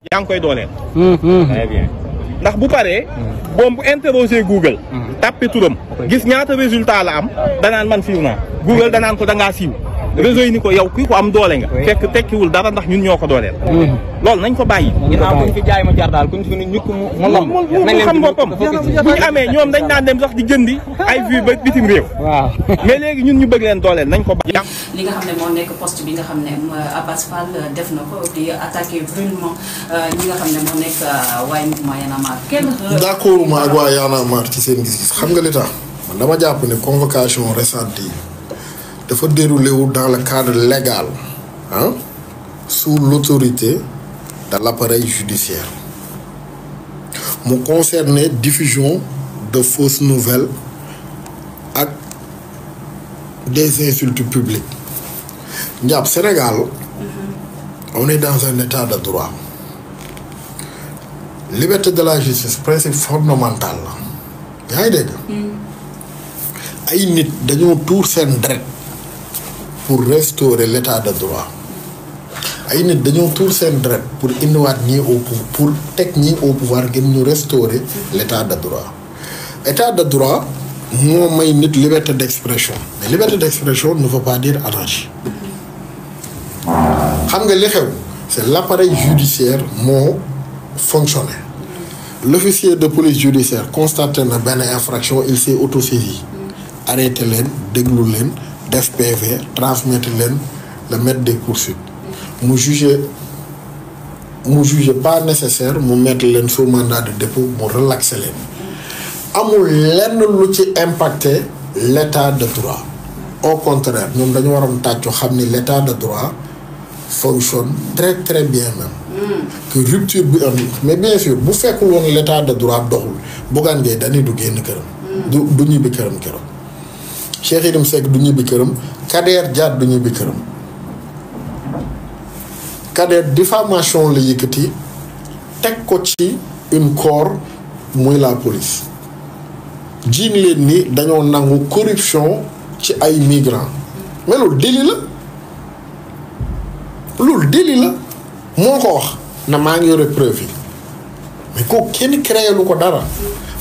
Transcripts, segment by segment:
Yang ngi koy nah très bien ndax bu paré interroger Google. Hmm. tapi turam gis ñaata résultat la am nan man google Google nan ko nga siw réseau yi ni ko yow kuy ko am doole nga fekk tekkiwul dara ndax ñun ñoo ko dooleel loolu nañ ko bàyyi ginnaaw buñ fi jaay ma jaar daal kuñ fi ni ñukk mu mu lom ñu amee ñoom dañ daan dem sax di jëndi ay vues ba bitim réew waaw mais léegi ñun ñu bëgg leen dooleel nañ ko bàyyi li nga xam ne moo nekk poste bi nga xam ne euh, euh, def na ko di attaqué brûlement euh, ñi nga moo nekk waaye mouvement Y'en a kenn d'accord ma ak waa Y'en ci seen gis-gis xam nga li tax man dama jàpp ne convocation récente yi il faut dérouler dans le cadre légal hein, sous l'autorité de l'appareil judiciaire mon concerné diffusion de fausses nouvelles et des insultes publiques au Sénégal on est dans un état de droit liberté de la justice principe fondamental la mm. ay nit un pour restaurer l'état de droit Nous avons tous ces droits... pour nous au pour au pouvoir restaurer l'état de droit état de droit nous may une liberté d'expression mais liberté d'expression ne veut pas dire anarchie xam nga li xew c'est l'appareil judiciaire moo fonctionné l'officier de police judiciaire constate une infraction il s'est autosaisi arrêté leen déglu leen d'FPV, transmettre l'aide, le mettre des poursuites Nous juger nous juger pas nécessaire de mettre sur sous mandat de dépôt pour relaxer leen amul lenn lu ci impacté, l'état de droit au contraire nous dañu waroon que l'état de droit fonctionne très très bien même mm. que rupture mais bien sûr bu faites l'état de droit doxul Bougane Gueye dañuy du génn këram mm. du du de Cheikh Yérim Seck du ñibbi këram Kader Diagne du ñibbi këram Kader diffamation la yëkkati teg ko ci une corps muy la police jiiñ leen ni dañoo nangu corruption ci ay migrants mais loolu délit la loolu délit la moo ko wax na maa ngi yore preuve yi mais kooku kenn créé ko dara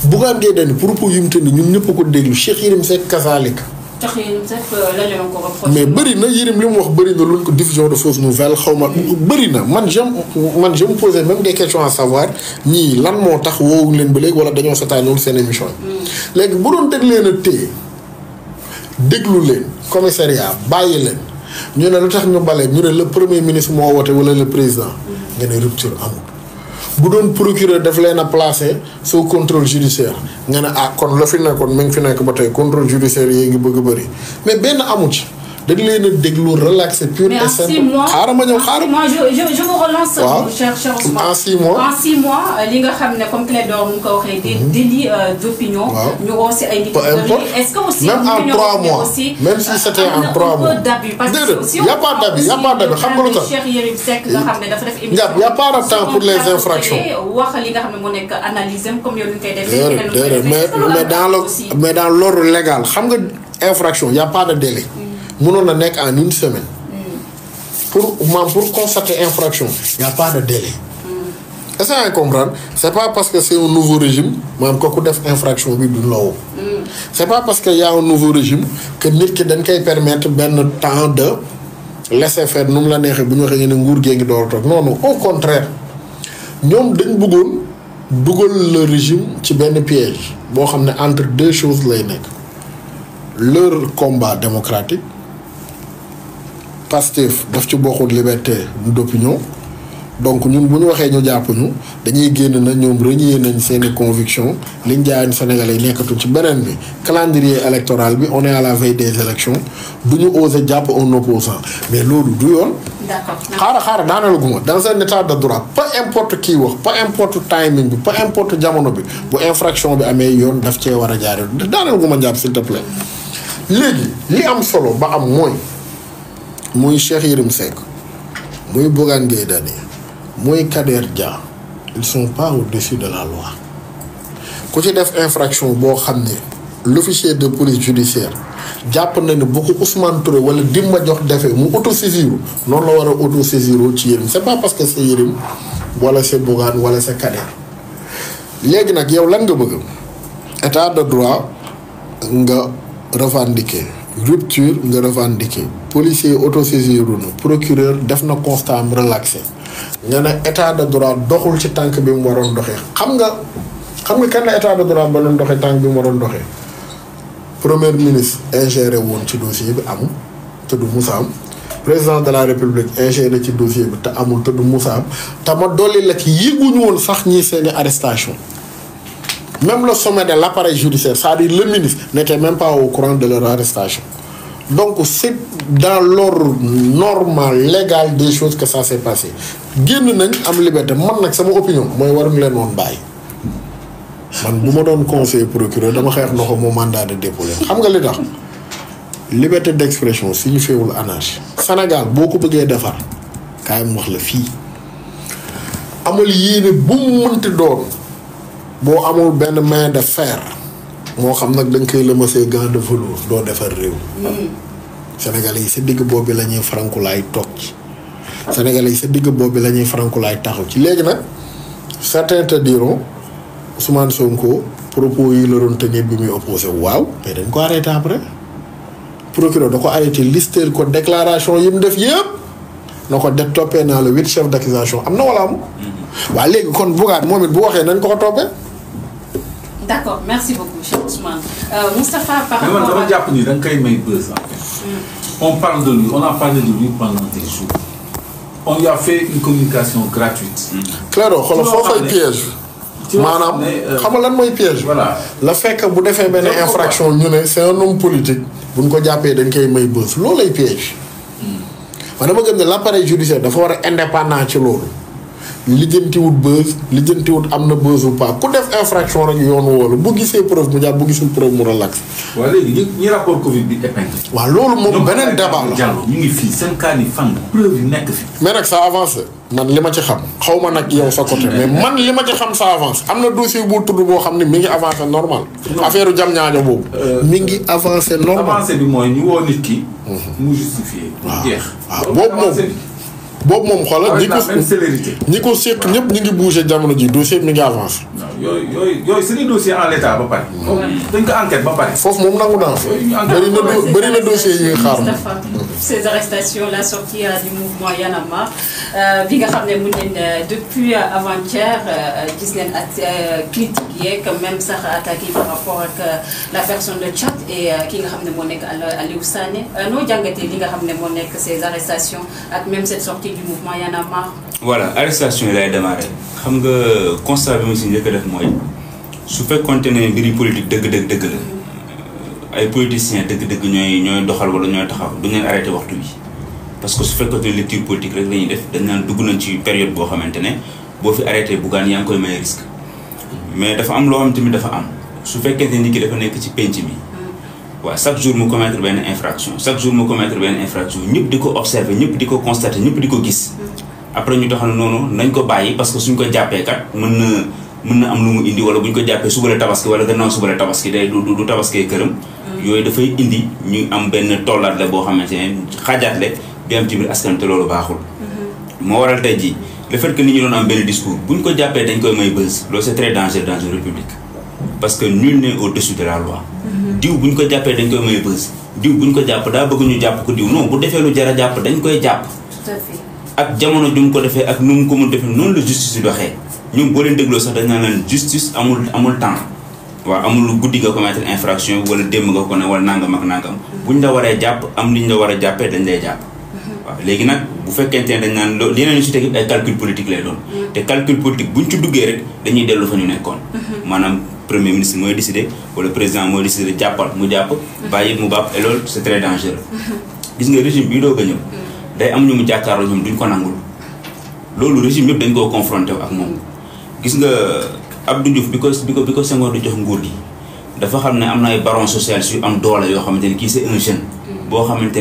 Bougane Gueye Dany propos yu mu tënni ñun ñëpp ko déglu Cheikh Yérim Seck kasaalika. Cheikh euh, mais bëri na Yérim li mu wax bëri na luñ ko diffusion de fausses nouvelles xaw ma bëri na man je man je me posais même des questions à savoir ñii lan moo tax woowuñ leen ba léegi wala dañoo setaanool seen émission yi. Hmm. léegi bu doon déglu leen a téye déglu leen commissariat bàyyi leen ñu ne lu tax ñu bale ñu ne le premier ministre moo woote wala le président. Hmm. nga ne rupture amul. bu doon procureur daf leen a placé sous contrôle judiciaire nga ne ah kon la fi nekkoon mi ngi fi nekk ba tey contrôle judiciaire yee ngi bëgg a bëri mais benn amu ci. dañ leen a déglu relaxé pure et simple. xaaral ma ñëw xaaral ma je je vous relance. waaw cher cher Ousmane en six mois en six mois euh, li nga xam ne comme Clédor mu ko waxee. des mhm. délits euh, d'opinion. ñu woo si ay nit. peu importe est-ce que aussi même en trois mois même si c'était en trois mois. déedéet y a pas d'abus y a pas d'abus xam nga lu tax. Cheikh Yérim Seck nga xam ne dafa def émission. y a pas de temps pour les infractions. wax li nga xam ne moo nekk analyse comme yow ni ñu koy defee. mais mais dans le mais dans l'ordre légal xam nga infraction y a pas de délai. Nous avons en une semaine. Hmm. pour pour constater infraction y' a pas de délai. Hmm. est ce que vous comprendre Ce n'est pas parce que c'est un nouveau régime que je def infraction bi n'est hmm. pas parce qu'il y' a un nouveau régime que nous allons permettre temps de laisser faire nous mu la nous bu ñu non non au contraire nous dañ bëggoon le régime ci un piège entre deux choses leur combat démocratique. Pastef daf ci bokkul liberté d'opinion donc ñun bu waxé ñu jàpp ñu dañuy génn na ñom renier nañ seen i conviction liñ jaayoon Sénégalais yi ci beneen bi calendrier électoral bi on est à la veille des élections du oser japp jàpp un opposant mais lolu du yoon. d'accord xaaral xaaral daaneel guma dans un état de droit peu importe kii wax peu importe timing bi peu importe jamono bi bu infraction bi amé yoon daf cee war a jaaree daaneel guma jàpp s'il te plaît légui li am solo ba am moy muy Cheikh yirim Seck muy Bougane Gueye Dany Kader Dia ils sont pas au-dessus de la loi ko ci def infraction bo xamné l'officier de police judiciaire japp na beaucoup bu ko Ousmane Touré wala dimba Diop défé mu auto saisir non la wara auto saisir ci yirim c'est pas parce que c'est yirim wala c'est Bougane wala c'est Kader légui nak yow lan nga bëgg état de droit nga revendiquer rupture nga revendiquer auto autosaisir na procureur def na constat am relaxé nga ne état de droit doxul ci tank bi mu waroon doxé xam nga xam nga kenn état de droit ba doon doxé tank bi mu waroon doxé premier ministre ingéré won ci dossier bi amul te du Moussa président de la république ingéré ci dossier bi te amul te du Moussa am ma doli la ci yëguñu woon sax ñi seeni arrestation même le sommet de l'appareil judiciaire c'est-à-dire le ministre n'était même pas au courant de leur arrestation Donc c'est dans l'ordre normal, légal des choses que ça s'est passé. Génn nañ am liberté man nag sama opinion mooy waruñu leen woon bàyyi man bu ma doon conseil procureur dama xeex na ko mu mandat de dépôt leen xam nga li tax liberté d'expression signifiewul anarchie. Sénégal boo ko bëggee defar kaay mu wax la fii amal yéene bu mu mënti doon boo amul benn main de fer. moo xam nag da nga koy lëmasee gant de velours doo defar réew. Sénégalais yi sa digg boobu la ñuy farankulaay toog ci. Sénégalais yi sa digg boobu la ñuy farankulaay taxaw ci léegi nag certains te diront Ousmane Sonko propos yi la doon te tenir bi muy opposé waaw. mais dañ ko arrêté après. procureur da ko arrêté listel ko déclaration yi mu def yëpp. na ko def toppee naa la huit chefs d' am na wala am. Mm-hmm. waa léegi kon bugaat moom it bu waxee nañ ko ko toppee. D'accord, merci beaucoup cher Ousmane. Euh, Moustapha par hmm. on parle de lui on a parlé de lui pendant des jours. on lui a fait une communication gratuite. on a fait un piège. Manam, euh, xam nga lan mooy piège. Le fait que bu defee benn infraction ñu ne c' un homme politique. bu ñu ko jàppee dañ koy may bës loolay piège. On hmm. dama gëm ne appareil judiciaire dafa war a indépendant ci loolu. lijjantiwut bës lijjantiwut am na bës ou pas ku def infraction rek yoon woolu bu gisee preuve mu jàpp bu gisul preuve mu relax. waaw léegi ñi loolu moom beneen débat la ñu ngi fii seen cas yi fan mais nag ça avance man li ma ci xam xaw ma nag yow sa côté mais man li ma ci xam ça avance am na dossier bu tudd boo xam ne mi ngi avancé normal. affaire jam ñaajo boobu. Euh, mi ngi avancé normal bi mooy ñu woo ki. Mhm. mu waaw boobu moom boobu mom xolal ni ko ñi ko seq ñëpp ñu ngi bouger jamono ji dossier mi ngi avance yoy yoy yooyu c'est des en l'état ba pare. dañ ko enquête ba pare. foofu moom nangu naa fa. bëri dossier yi xaar ces arrestations la sortie euh, du mouvement Y euh, bi nga xamné ne mun depuis euh, avant-hier gis nañ ak critiques yeeg même sax attaqué par rapport avec la personne de chat et ki nga xamné mo moo nekk Aliou Sané no jàngatee li nga xamné mo moo nekk ces arrestations ak même cette sortie walla du mouvement Y yi lay démarré xam nga constat bi ma si njëkk def mooy su fekkoonte ne mbiri politique dëgg-dëgg dëgg la euh, ay politiciens dëgg-dëgg ñooy ñooy doxal wala ñooy taxaw du ñu arrêté waxtu bi. parce que su te ne lecture politique rek la ñuy def dañ naan dugg nañ ci période boo xamante ne boo fi arrêté buggaan yaa ngi koy may risque mais dafa am loo xam tamit dafa am su fekkee fekkente ni ki dafa nekk ci penc mi. waaw chaque jour mu commettre benn infraction chaque jour mu commettre benn infraction ñëpp di ko observer ñëpp di ko constater ñëpp di ko gis après ñu taxal noonu nañ ko bàyyi parce que suñ ko jàppee kat mën na mën na am lu mu indi wala bu ko jàppee suba la tabaski wala gannaaw suba la tabaski day du du tabaskee këram. Mm. yooyu dafay indi ñu am benn tollaat la boo xamante ne xaajaat la bi am ci biir askan te loolu baaxul. Mm-hmm. moo waral tey jii le fait que nit ñu ko jàppee dañ koy may bës loolu c'est parce que nul n'est au-dessus de la loi. diw bu ñu ko jàppee dañ koy may bës. diw bu ñu ko jàpp daa bëgg ñu jàpp ko diw non bu defee lu jar jàpp dañ koy jàpp. ak jamono ju mu ko defee ak nu mu ko mun defee noonu la justice yi doxee ñun boo leen dégloo sax dañ naan leen justice amul amul temps waaw amul guddi nga commettre infraction wala démb nga ko ne wala nangam ak nangam. bu ñu la waree jàpp am li ñu la war a jàppee dañ lay jàpp. waaw léegi nag bu fekkente ne dañ naan loo li ñu si teg politique lay doon. Mm-hmm. te calcul politique bu ñu ci duggee rek dañuy dellu fa ñu nekkoon. Mm-hmm. maanaam premier ministre moy décider ou le président moy décider jàppal mu jàpp baye mu bap et lol c'est très dangereux gis nga régime bi do gagne day am ñu mu jàkkaarloo ñum duñ ko nangul lolou régime yeb dañ ko confronter ak mom gis nga Abdou Diouf biko biko biko ko bi ko Senghor di jox nguur gi dafa xamne ne am na ay baron social su am doole yo xamanteni ki c'est un jeune bo xamante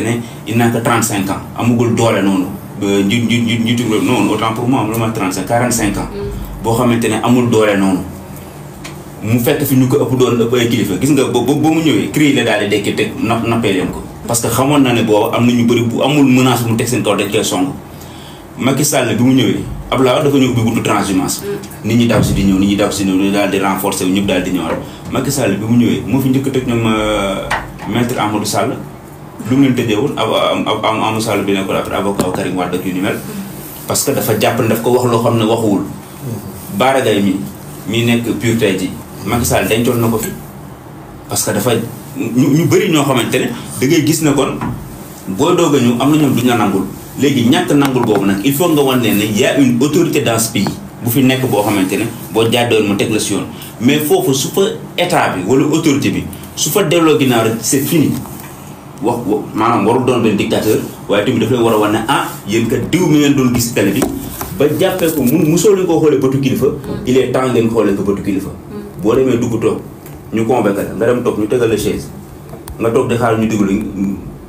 il n'a que 35 ans amugul doole nonu ñu ñu ñu njiitu non autant pour moi amul ma 35 45 ans bo xamante amul doole nonu mu fekk fi ñu ko ëpp doon ëpp ay kilifa gis nga ba ba mu ñëwee cri la di dekki teg na nappee leen ko. parce xamoon na ne boobu am na ñu bëri bu amul menace bu mu teg seen kaw dañ koy song Macky Sall bi mu ñëwee Abdoulaye dafa ñëw bi buntu transhumance. nit ñi daw si di ñëw nit ñi daw si di ñëw daal di renforcer wu ñëpp daal di ñëwaat Macky Sall bi mu ñëwee moo fi njëkk teg ñoom euh, maître Amadou Sall. lu mu leen tëjee woon ab ab Amadou Sall bi nekkoon après avocat Karim Wade ak yu ni parce que dafa jàpp ne daf ko wax loo xam ne waxuwul. baaragay mi mi nekk pur tey ji Macky Sall dencoon na ko fi parce que dafa ñu ñu bëri ñoo xamante ne da ngay gis ne kon boo doog a ñëw am na ñoom duñ la nangul léegi ñàkk nangul boobu nag il faut nga wan ne ne y a une autorité dans ce bu fi nekk boo xamante ne boo jàddoon mu teg la si yoon mais foofu su fa état bi wala autorité bi su fa delloo ginnaaw rek c'est fini wax maanaam warul doon benn dictateur waaye tamit daf leen war a wan ne ah yéen kat diw mi ngeen doon gis télé bi ba jàppee ko mu musoo leen koo xoolee bëtu kilifa il est temps ngeen xoolee boo demee dugg toog ñu convaincre nga dem toog ñu tegal la chaise nga toog di xaar ñu diglu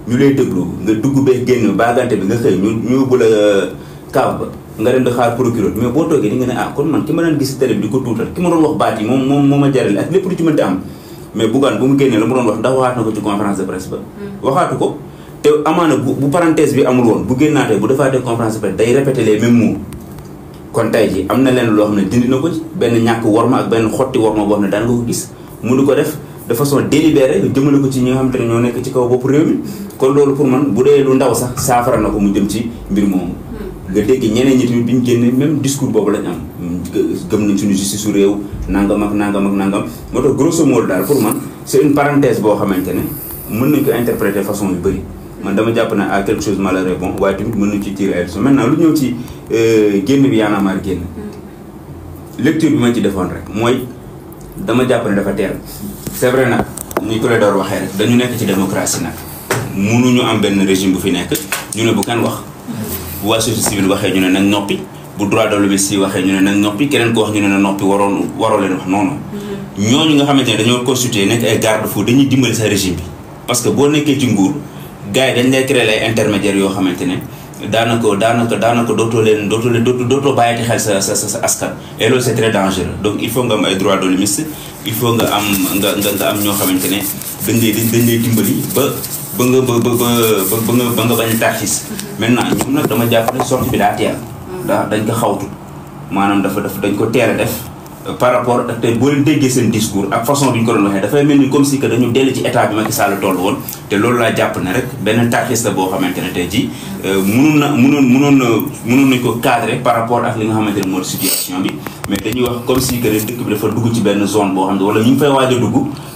ñu lay lu nga dugg ba génn baagante bi nga xëy ñu ñu yóbbu la euh, kaaf ba nga dem di xaar procureur mais boo toogee di nga ne ah kon man ki ma daan gis télé bi di ko tuutal ki ma doon wax baat yi moom moom moo ma jarale ak lépp lu ci mënti am mais Bougane bu mu génnee la mu doon wax ndax waxaat na ko ci conférence de presse ba mm. waxaatu ko te amaana bu bu parenthèse bu génnaatee bu defaatee day répété kon tey ji am na leen loo xam ne dindi na ko ci benn ñàkk worma ak benn xotti worma boo xam ne daan nga ko gis mënu ko def de façon délibérée jëmale ko ci ñi nga xam te ne ñoo nekk ci kaw bopp réew mi kon loolu pour man bu dee lu ndaw sax saafara na ko mu jëm ci mbir moomu hmm. nga dégg ñeneen ñi tamit bi ñu génne même discours boobu lañ am gëm nañ suñu justice su réew nangam ak nangam ak nangam moo tax grosso modo daal pour man c'est une parenthèse boo xamante ne mën nañ ko façon yu bëri man dama jàpp na à quelque chose malheureux bon waaye tamit mën nañu ci tirer ay leçons maintenant lu ñëw ci euh, génn bi Y'en a marre génn mm. lecture bi ma ci defoon rek mooy dama jàpp ne dafa teel c'est vrai nag ni Clédor waxee rek dañu nekk ci démocratie nag mënuñu am benn régime bu fi nekk ñu ne bu kenn wax mm. bu waa société civile waxee ñu ne nañ noppi bu droit de l'homme si waxee ñu ne nañ noppi keneen ko wax ñu ne na noppi waroon waroo leen wax non non mm-hmm. nga xamante ne dañoo constitué nekk ay garde-fou dañuy dimbali bi parce que boo nekkee gars yi dañ lay créer ay intermédiaires yoo xamante ne daanaka daanaka daanaka dootoo leen dootoo leen dootoo dootoo bàyyati xel sa sa sa askan. et loolu c'est très donc il faut nga am ay droits de l'hommiste il faut nga am nga nga am ñoo xamante ne dañ lay dañ lay dimbali ba ba nga ba ba ba nga ba nga bañ a tarxis. maintenant ñun nag dama jàpp ne sortie bi daa teel. daa dañ ko xawtu maanaam dafa dafa dañ ko teel a def. par rapport ak tey boo leen déggee seen discours ak façon bi ñu ko doon waxee dafay mel ni comme si que dañu dellu ci état bi Macky Sall toll woon te loolu laa jàpp ne rek benn tarxis la boo xamante ne tey jii euh, mënoon na mënoon mënoon ko cadrer par rapport ak li nga xamante ne mooy situation bi mais dañuy wax comme si que dëkk bi dafa dugg ci benn zone boo xam ne wala ñu ngi fay waaj a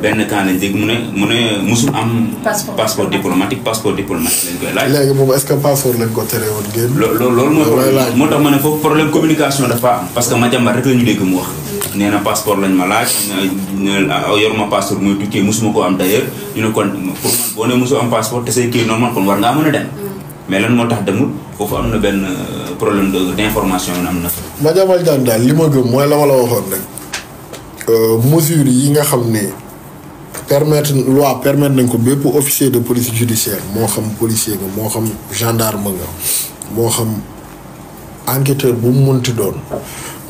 benn temps lañ dégg mu ne mu ne musul am. passeport diplomatique passeport diplomatique lañ koy laaj. léegi moom est-ce que passeport lañ ko teree woon génn. loolu mooy problème moo tax mu ah, ah, ko am d'ailleurs ñu ne a dem. mais lan moo tax demul foofu am na benn euh, problème de d'information am na. Madiambal daal li ma gëm mooy la ma la waxoon rek euh, mesures yi nga xam ne. permettre loi permettre nañ ko bépp officier de police judiciaire moo xam policier nga moo xam gendarme nga moo xam enquêteur bu mu munti doon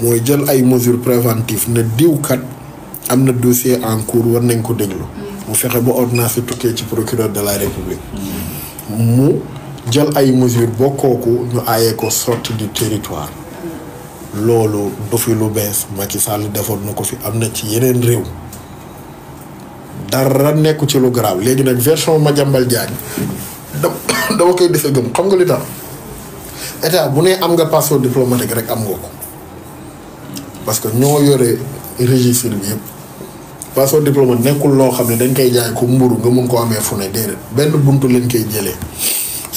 mooy jël ay mesures préventives ne diwkat am na dossier en cours war nañ ko déglu mu fexe ba ordonnance tukkee ci procureur de la république mu jël ay mesures bokkooku ñu aayee ko sorti du territoire loolu du fi lu bees Macky Sall defoon na ko fi am na ci yeneen réew dara nekku ci lu garaaw léegi nag version Madiambal Diagne dama koy defe gëm xam nga li tax état bu ne am nga passeport diplomatique rek am nga ko parce que ñoo yore registre bi yëpp passeport diplomate nekkul loo xam ne dañ koy jaay ko mburu nga mun ko amee fu ne déedéet benn buntu lañ koy jëlee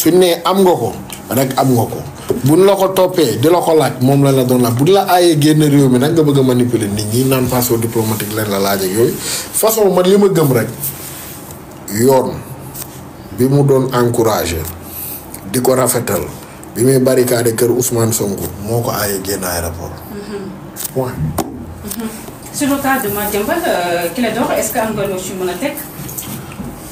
suñ nee am nga ko rek am nga ko buñ la ko toppee di la ko laaj moom la la doon laaj buñ la aayee génn réew mi nag nga bëgg a manipuler nit ñi naan passeport diplomatique leen la laaj ak yooyu façon man li ma gëm rek yoon bi mu doon encouragé di ko rafetal bi muy barricade kër Ousmane Sonko moo ko aayee génn aéroport. point. Mm-hmm. Mm-hmm. Mm-hmm. sur le cas de Madiambal euh, am nga loo a teg.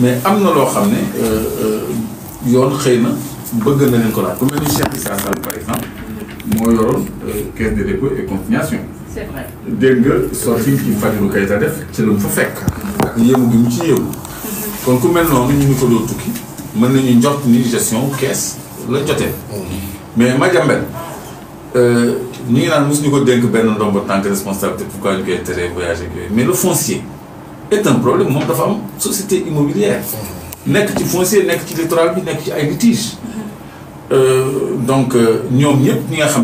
mais am na loo xam ne euh, euh, yoon xëy na bëgg na leen ko laaj. ku mel ni Cheikh Issa Sall par exemple. moo yoroon euh, caisse de dépôt et consignation. c'est vrai dégg nga sorti ci Fadilou Keita def ci lu fa fekk. ak yëmu gi mu ci yëmu mhm. kon ku mel noonu ñu ngi ko doon tukki mën nañu njort ni gestion caisse la jotee. mais ma Madiambel ñu ngi naan mosuñu ko dénk benn ndombo tant que responsabilité pourquoi ñu koy teree voyage ak yooyu mais le foncier. est un problème moom dafa am société immobilière mmh. nekk ci foncier nekk ci littoral bi nekk ci ay litige mmh. euh, donc euh, ñoom ñëpp ñi nga xam